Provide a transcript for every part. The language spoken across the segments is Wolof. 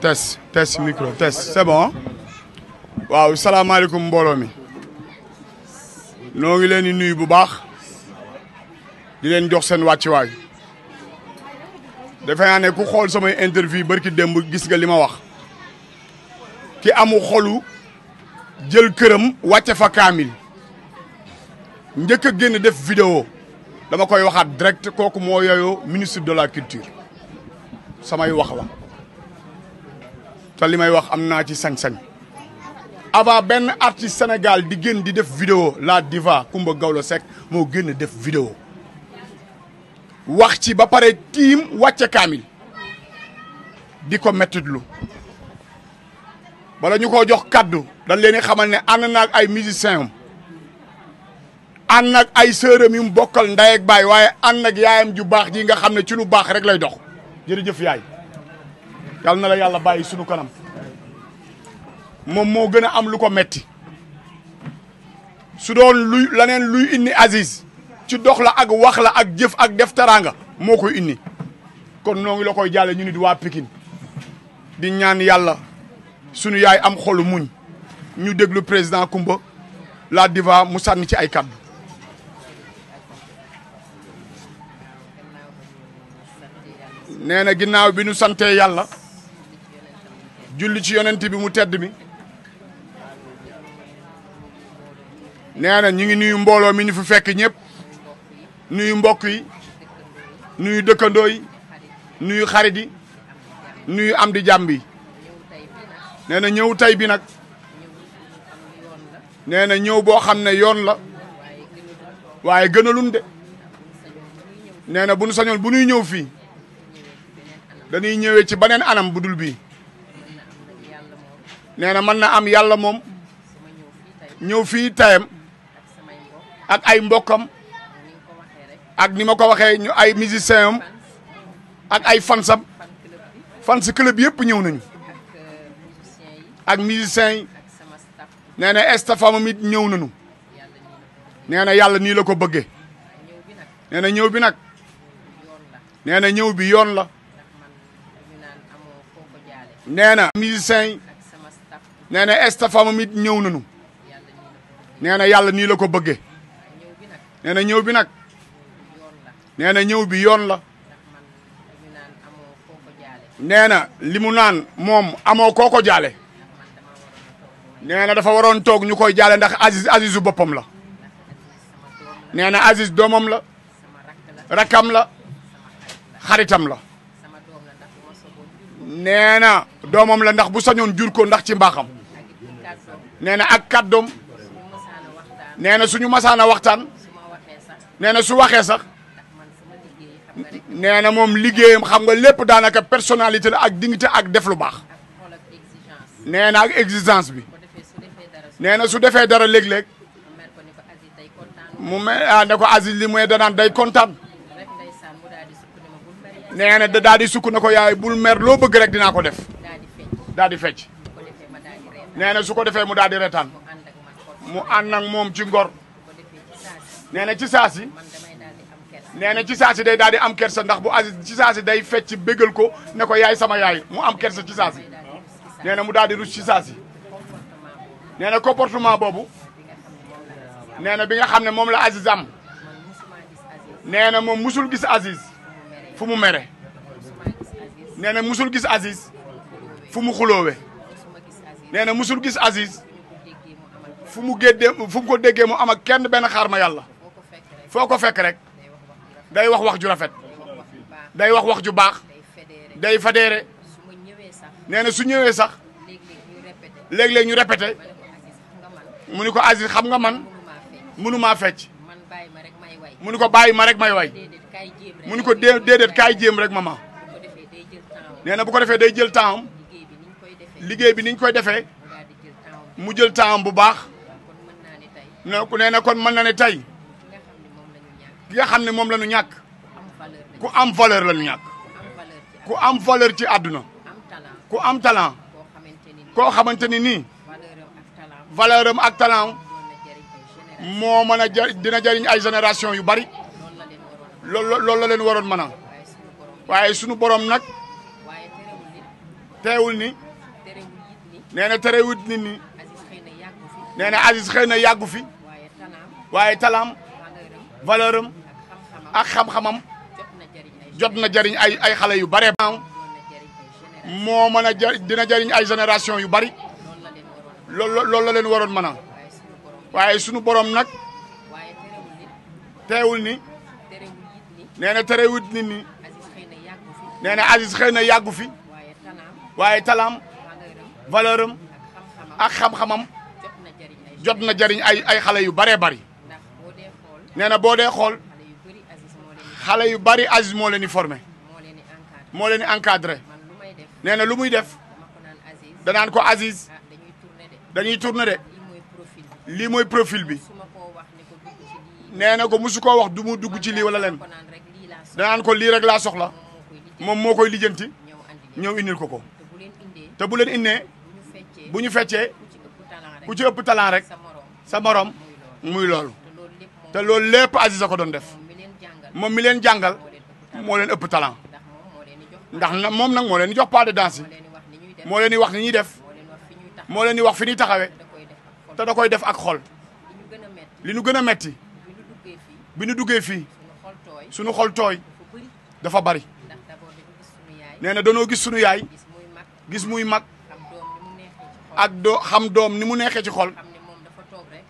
test test micro test c'est waaw salaamaaleykum mbooloo mi noo ngi leen di nuyu bu baax di leen jox seen wàccuwaay defe naa ne ku xool samay interview barki démb gis nga li ma wax ki amu xolu jël këram wàcce fa kaamil njëkk a génn def vidéo dama koy waxaat direct kooku moo yooyu ministre de la culture samay wax la te li may wax am naa ci sañ-sañ avant benn artiste senegal di génn di def vidéo la diva Coumba Gawlo Seck moo génn def vidéo wax ci ba pare tiim wàcce kaamil di ko mettitlu bala ñu ko jox kaddu dañ leen xamal ne ànd naag ay musiciens am ànd naag ay sërëm yu mu bokkal ndey bay baay waaye ànd ak yaayam ju baax ji nga xam ne ci lu baax rek lay dox jërëjëf yaay yal na la yàlla bàyyi sunu kanam moom moo gën a am lu ko metti su doon leneen luy indi Aziz ci dox la ak wax la ak jëf ak def teraanga moo ko indi kon noo ngi la koy jàlle ñu nit waa Pikine di ñaan yàlla sunu yaay am xolu muñ ñu déglu président Kumba la divan mu sànni ci ay kàddu nee na ginnaaw bi ñu santee yàlla julli ci yonent bi mu tedd mi nee ñu ngi nuyu mbooloo mi ñu fu fekk ñëpp nuyu mbokk yi nuyu dëkkandoo nuyu xarit yi nuyu am di jàmm nee na ñëw tey bi nag nee na ñëw boo xam ne yoon la waaye gënalun de nee na bu nu sañoon bu nuy ñëw fii dañuy ñëwee ci beneen anam bu dul bii nee na mën na am yàlla moom ñëw fii tayam ak ay mbokkam ak ni ma ko waxee ñu ay musicien ak ay fansam fans club yëpp ñëw nañu ak musiciens yi nee na mi ñëw nañu nee na yàlla nii la ko bëggee nee na ñëw bi nag nee na ñëw bi yoon la nee na musiciens yi nee na estafama mi ñëw nañu nee na yàlla nii la ko bëgge nee na ñëw bi nag nee na ñëw bi yoon la nee na li mu naan moom amoo kooko jaale nee na dafa waroon toog ñu koy jaale ndax Aziz Azizu boppam la nee na Aziz doomam la rakkam la xaritam la nee na doomam la ndax bu sañoon jur ko ndax ci mbaaxam nee na ak kàddoom nee na suñu masaana waxtaan nee na su waxee sax nee na moom liggéeyam xam nga lépp daanaka personalité la ak dignité ak def lu baax nee na ak exigence bi nee na su defee dara léeg-léeg mu me ah ne ko Aziz li mooy danaan day kontaan nee na daal di sukk na ko yaay bul mer loo bëgg rek dinaa ko def daal di fecc nee na su ko defee mu daal di retaan mu ànd moom ci ngor nee na ci saasi nee na ci saasi day daal di am kersa ndax bu Aziz ci saasi day fecc bégal ko ne ko yaay sama yaay mu am kersa ci saasi nee na mu daal di rus ci saasi nee comportement bobu nee bi nga xamne mom la Aziz am nee mom musul gis Aziz fumu mere nee musul gis Aziz fumu xulowe xuloowe musul gis Aziz fumu gedde fumu ko degge mu am ak kenn ben xarma yàlla foko fek rek day wax wax ju rafet day wax wax ju bax day fadeere nee na su ñëwé sax leg leg ñu répéter leg leg ñu répéter mu ni ko Aziz xam nga man mënumaa fecc mu ni ko bàyyi ma rek may way mu ni ko déedéet kaay jéem rek mama nee na bu ko defee day jël temps liggéey bi niñ koy defee mu jël temps bu baax nee na kon mën na ne tay ki nga xam ne moom la ñu ñàkk ku am valeur la ñu ñàkk ku am valeur ci adduna ku am talent koo xamante ni nii valeur ak talent mo meuna dina jariñ ay génération yu bari loolu la len waron mën waye sunu borom nak teewul ni nee na terewut nit ñi nee Aziz xeyna yagu fi waye talam valeurum ak xam-xamam jot na jariñ ay ay xale yu bare mo meuna dina jariñ ay génération yu bari loolu loolu la leen waroon mën a waaye sunu borom nag teewul ni nee na terewut nit ñi nee na Aziz xëy na yàggu fi waaye talaam valeur am ak xam-xamam jot na jariñ ay ay xale yu baree bari nee na boo dee xool xale yu bari Aziz moo leen di formé moo leen di encadré nee na lu muy def danaan ko Aziz dañuy tourner de. lii mooy profil bi. nee na ko mosu koo wax du mu dugg ci lii wala leen danaan ko lii rek laa soxla moom moo koy lijjanti ñëw indil ko ko te bu leen indee bu ñu feccee ku ci ëpp talent rek sa morom muy loolu te loolu lépp Aziza ko doon def moom mi leen jàngal moo leen ëpp talent ndax na moom nag moo leen jox pas de moo leen di wax ni ñuy def moo leen di wax fi ñuy taxawee te da koy def ak xol li ñu gën a metti bi ñu duggee fii suñu xol tooy dafa bari nee na danoo gis sunu yaay gis muy mag ak doo xam doom ni mu neexee ci xol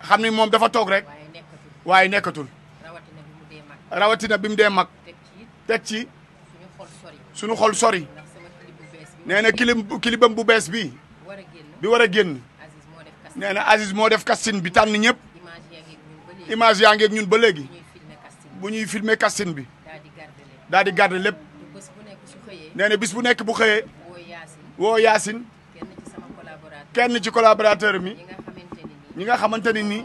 xam ni moom dafa toog rek waaye nekkatul rawatina bi mu dee mag teg ci sunu xol sori nee na kilim kilibam bu bees bii bi war a génn nee na Aziz moo def casting bi tànn ñëpp image yaa ngeeg ñun ba léegi bu ñuy filmer casting bi daal di garder lépp nee bis bu nekk bu xëyee woo Yacine kenn ci collaborateur mi ñi nga xamante ne nii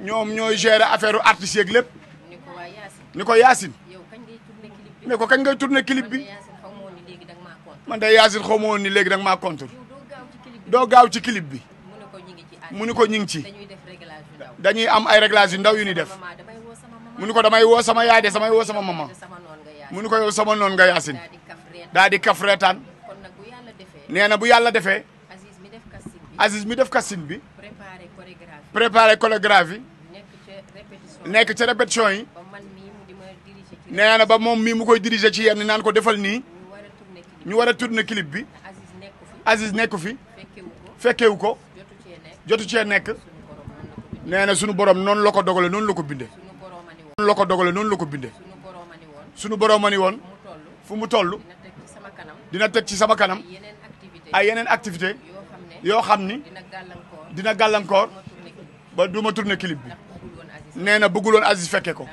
ñoom ñooy gérer affaire artistes yeeg lépp ni ko Yacine ne ko kañ ngay tourner clip bi man de Yacine xaw ma woon ni léegi danga maa contre doo gaaw ci clip bi mu ni ko ñu ngi ci dañuy am ay réglage yu ndaw yu ni def mu ni ko damay woo sama yaay samay woo sama mama mu ni ko yow sama noon nga yaasin daa di kaf reetaan na bu yàlla defee Aziz mi def casting bi préparé chorégraphie nekk ca répétition yi nee na ba moom mii mu koy diriger ci yenn naan ko defal nii ñu war a tourner clip bi Aziz nekku fi fekkewu ko jotu cee nekk nee na sunu borom noonu la ko dogale noonu la ko bindee. noonu ko dogale noonu la ko bindee. sunu borom a ni woon fu mu toll dina teg ci sama kanam ay yeneen activité yoo xam ni dina gàllankoor ba du ma tourné bi nee na bëgguloon Aziz fekke ko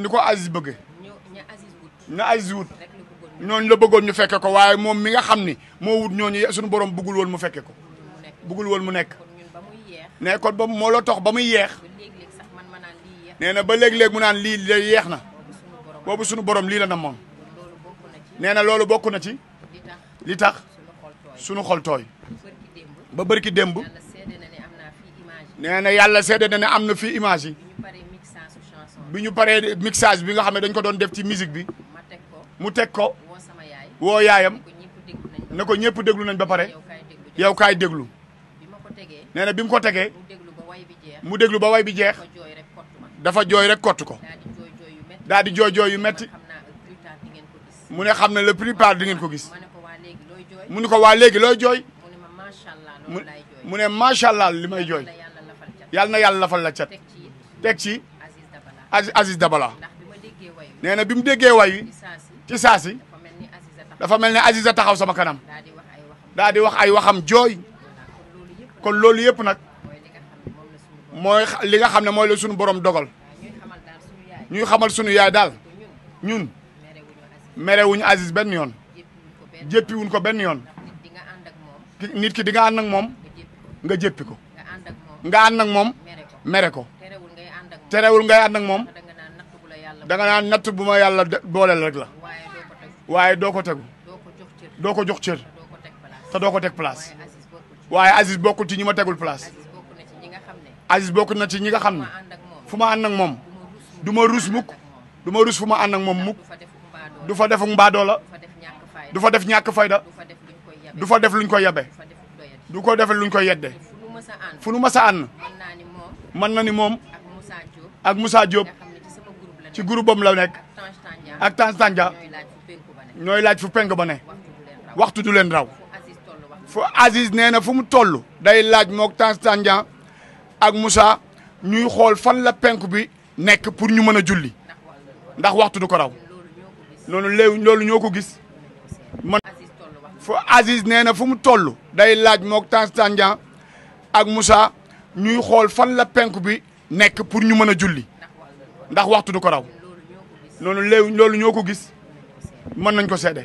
ni ko Aziz bëggee na Aziz wut ñooñu la bëggoon ñu fekke ko waaye moom mi nga xam ni moo wut ñooñu suñu borom bëggul woon mu fekke ko bëggul woon mu nekk ne kon ba moo la tox ba muy yeex nee na ba léeg-léeg mu naan lii lay yeex na boobu sunu borom lii la na moom nee na loolu bokk na ci li tax suñu xol tooy ba bërki démb nee na yàlla seede na ne am na fi image yi bi ñu paree mixage bi nga xam ne dañ ko doon def ci musique bi mu teg ko woo yaayam na ko ñëpp déglu nañ ba pare yow kaay déglu nee na bi mu ko tegee mu déglu ba way bi jeex dafa jooy rek kott ko daal di jooy jooy yu metti mu ne xam ne la plupart di ngeen ko gis mu ne ko waa léegi looy jooy mu ne macha allah li may jooy yàlla na yàlla lafal la cat teg ci Aziz Dabala nee na bi mu déggee way wi ci saasi dafa mel ne Aziza taxaw sama kanam daa wax ay waxam jooy kon loolu yëpp nag mooy li nga xam ne mooy la suñu borom dogal ñuy xamal sunu yaay daal ñun merewuñu Aziz benn yoon jéppiwuñ ko benn yoon nit ki di nga ànd moom nga jéppi ko nga ànd ak moom mere ko terewul ngay ànd ak moom danga naan natt bu ma yàlla booleel rek la waaye doo ko tegu doo ko jox cër te doo ko teg place waaye Aziz bokkul ci ñi ma tegul place Aziz bokk na ci ñi nga xam ne fu ma ànd ak moom du ma rus mukk du ma rus fu ma ànd ak moom mukk du fa defuk mbaadoo la du fa def ñàkk fayda du fa def luñ koy yabe du ko defee luñ koy yedde fu nu mës a ànd na ni moom ak Moussa Diop ci groupe bam la nekk ak Tange Tandian ñooy laaj fu penk ba ne waxtu du leen raw fu Aziz nee na fu mu toll day laaj moog mook Tanzania ak musa ñuy xool fan la penku bi nekk pour ñu mën a julli ndax waxtu du ko raw loolu léew loolu ñoo ko gis man fu Aziz nee na fu mu tollu day laaj mook Tanzania ak Moussa ñuy xool fan la penku bi nekk pour ñu mën a julli ndax waxtu du ko raw loolu léew loolu ñoo ko gis mën nañ ko seede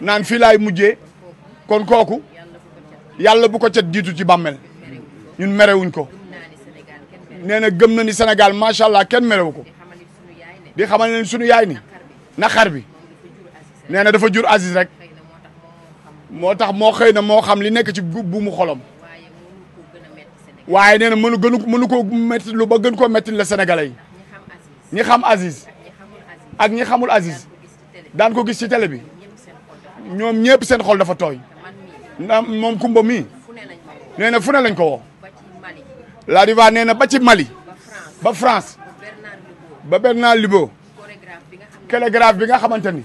naan fii laay mujjee kon kooku yàlla bu ko cat jiitu ci bàmmel ñun merewuñ ko nee na gëm na ni Sénégal macha allah kenn merewu ko di xamal ne sunu yaay ni naqar bi nee na dafa jur Aziz rek moo tax moo xëy na moo xam li nekk ci bu mu xolom waaye nee na mënu gënu mënu koo métti lu ba gën koo métti la Sénégalais yi ñi xam Aziz ak ñi xamul Aziz daan ko gis ci télé bi. ñoom ñëpp seen xol dafa tooy ndax moom Kumba mii nee na fu ne lañ ko woo la diva nee na ba ci Mali ba France ba Bernard Libo chorégraphe bi nga xamante ni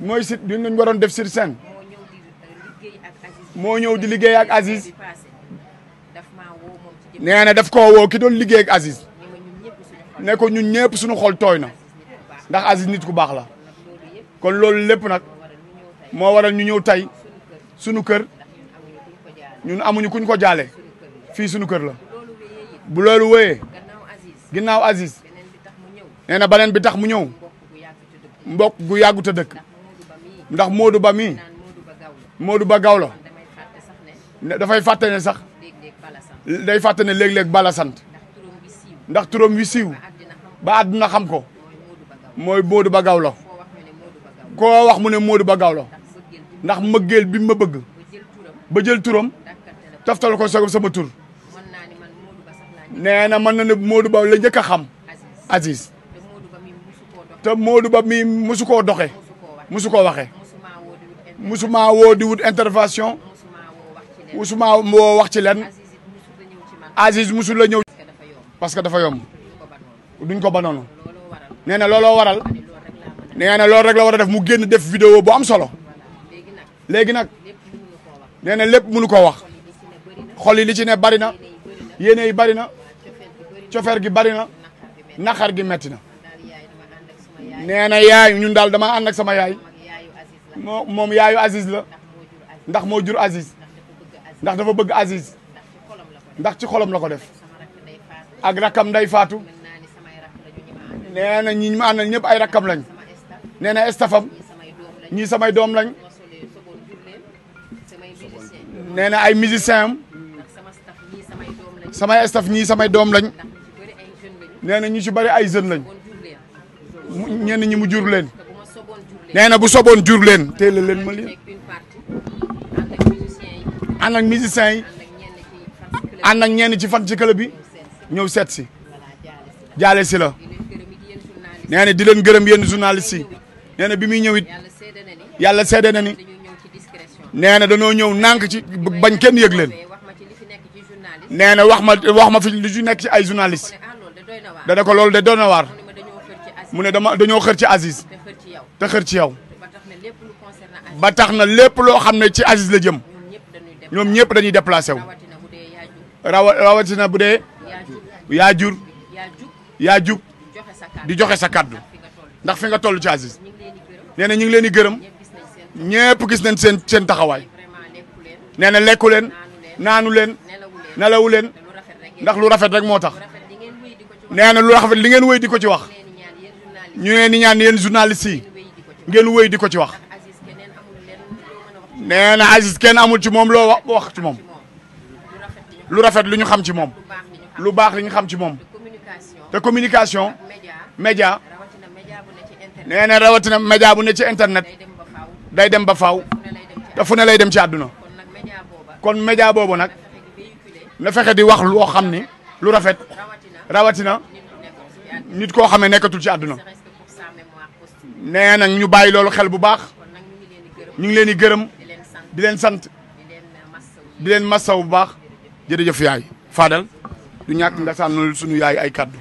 mooy sit di nañ waroon def sur scène moo ñëw di liggéey ak Aziz nee na daf ko woo ki doon liggéey ak Aziz ne ko ñun ñëpp suñu xol tooy na ndax Aziz nit ku baax la kon loolu lépp nag moo waral ñu ñëw tey sunu kër ñun amuñu kuñ ko jaale fii sunu kër la bu loolu wéyee ginnaaw Aziz nee na beneen bi tax mu ñëw mbokk gu yàggu te dëkk ndax Modou Ba mii Modou Ba Gawla dafay fàtte ne sax day fàtte ne léeg-léeg bala sant ndax turam wi siiw ba àdduna xam ko mooy Modou Ba Gawla koo wax mu ne Modou Ba Gawla ndax mbëggeel bi ma bëgg ba jël turam taftal ko sa sama tur nee na mën na ne Modou Ba la njëkk a xam Aziz te Modou Ba mi musu koo doxe musu koo waxe musuma woo di wut intervention musuma woo wax ci len Aziz musu la ñëw parce que dafa yomb duñ ko ba noonu nee na looloo waral nee na loolu rek la war a def mu génn def vidéo bu am solo léegi nag nee na lépp mënu koo wax xol yi li ci ne bari na yéene yi bari na cofeer gi bari na naxar gi metti na nee na yaay ñun daal dama ànd sama yaay moo moom yaayu Aziz la ndax moo jur Aziz ndax dafa bëgg Aziz ndax ci xolam la ko def ak rakkam nday faatu nee na ñi ma àndal ñëpp ay rakkam lañ nee na ñii samay doom lañ nee na ay musiciens am samay staff ñii samay doom lañ nee na ñu ci bari ay jeunes lañ ñenn ñi mu jur leen nee na bu soboon jur leen téel leen ma lii ànd ak musiciens yi ànd ñenn ci fan ci club bi ñëw seet si jaale si la nee di leen gërëm yenn journalistes yi nee na bi muy ñëw it yàlla seede nee na danoo ñëw nànk ci bañ kenn yëg leen nee na wax ma wax ma fi li ci nekk ci ay journaliste dana ko loolu da doy na waar mu ne dama dañoo xër ci Aziz te xër ci yow ba tax na lépp loo xam ne ci Aziz la jëm ñoom ñëpp dañuy déplacé wu rawa rawatina bu dee yaa jur yaa jug di joxe sa kàddu ndax fi nga toll ci Aziz nee na ñu ngi leen di gërëm. ñëpp gis nañ seen seen taxawaay nee na lekku leen naanu leen nelawu leen ndax lu rafet rek moo tax nee na lu rafet li ngeen wéy di ko ci wax ñu ne ñaan yéen journaliste yi ngeen wéy di ko ci wax nee na Aziz kenn amul ci moom loo wax ci moom lu rafet lu ñu xam ci moom lu baax li ñu xam ci moom te communication média nee na rawatina média bu ne ci internet day dem ba faw te fu ne lay dem ci àdduna kon média boobu nag na fexe di wax loo xam ni lu rafet rawatina nit koo xame nekkatul ci àdduna nee na ñu bàyyi loolu xel bu baax ñu ngi leen di gërëm di leen sant di leen massaw bu baax jërëjëf yaay Fadal du ñàkk nga sànnul suñu yaay ay kàddu.